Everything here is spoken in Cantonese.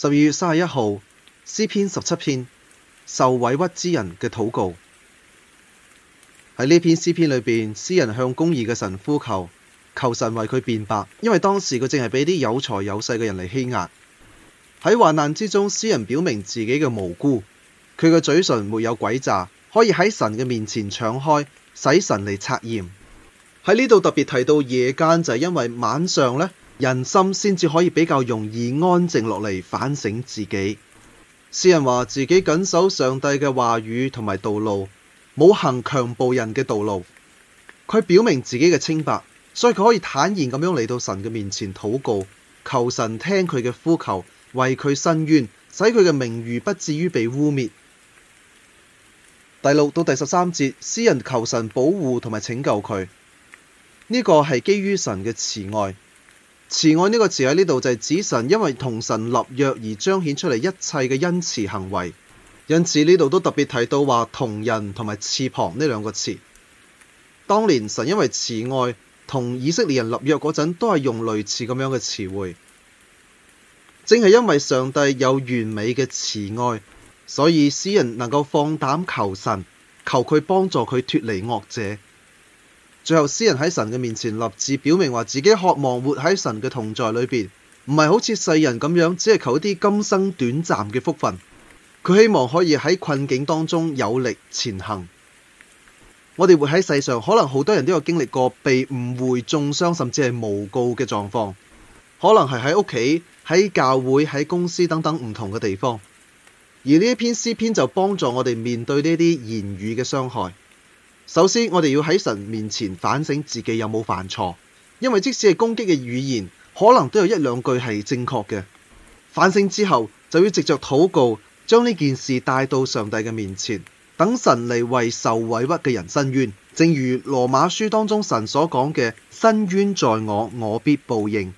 十二月三十一號，詩篇十七篇，受委屈之人嘅禱告。喺呢篇詩篇裏邊，詩人向公義嘅神呼求，求神為佢辯白，因為當時佢淨係俾啲有財有勢嘅人嚟欺壓。喺患難之中，詩人表明自己嘅無辜，佢嘅嘴唇沒有詭詐，可以喺神嘅面前敞開，使神嚟察驗。喺呢度特別提到夜間，就係因為晚上呢。人心先至可以比較容易安靜落嚟反省自己。詩人話自己謹守上帝嘅話語同埋道路，冇行強暴人嘅道路。佢表明自己嘅清白，所以佢可以坦然咁樣嚟到神嘅面前禱告，求神聽佢嘅呼求，為佢伸冤，使佢嘅名譽不至於被污衊。第六到第十三節，詩人求神保護同埋拯救佢。呢個係基於神嘅慈愛。慈愛呢個詞喺呢度就係指神因為同神立約而彰顯出嚟一切嘅恩慈行為，因此呢度都特別提到話瞳人同埋翅膀呢兩個詞。當年神因為慈愛同以色列人立約嗰陣，都係用類似咁樣嘅詞彙。正係因為上帝有完美嘅慈愛，所以詩人能夠放膽求神，求佢幫助佢脫離惡者。最後，詩人喺神嘅面前，立志表明話自己渴望活喺神嘅同在裏邊，唔係好似世人咁樣，只係求一啲今生短暫嘅福分。佢希望可以喺困境當中有力前行。我哋活喺世上，可能好多人都有經歷過被誤會、中傷，甚至係誣告嘅狀況，可能係喺屋企、喺教會、喺公司等等唔同嘅地方。而呢一篇詩篇就幫助我哋面對呢啲言語嘅傷害。首先，我哋要喺神面前反省自己有冇犯錯，因為即使係攻擊嘅語言，可能都有一兩句係正確嘅。反省之後，就要藉着禱告，將呢件事帶到上帝嘅面前，等神嚟為受委屈嘅人伸冤。正如羅馬書當中神所講嘅：伸冤在我，我必報應。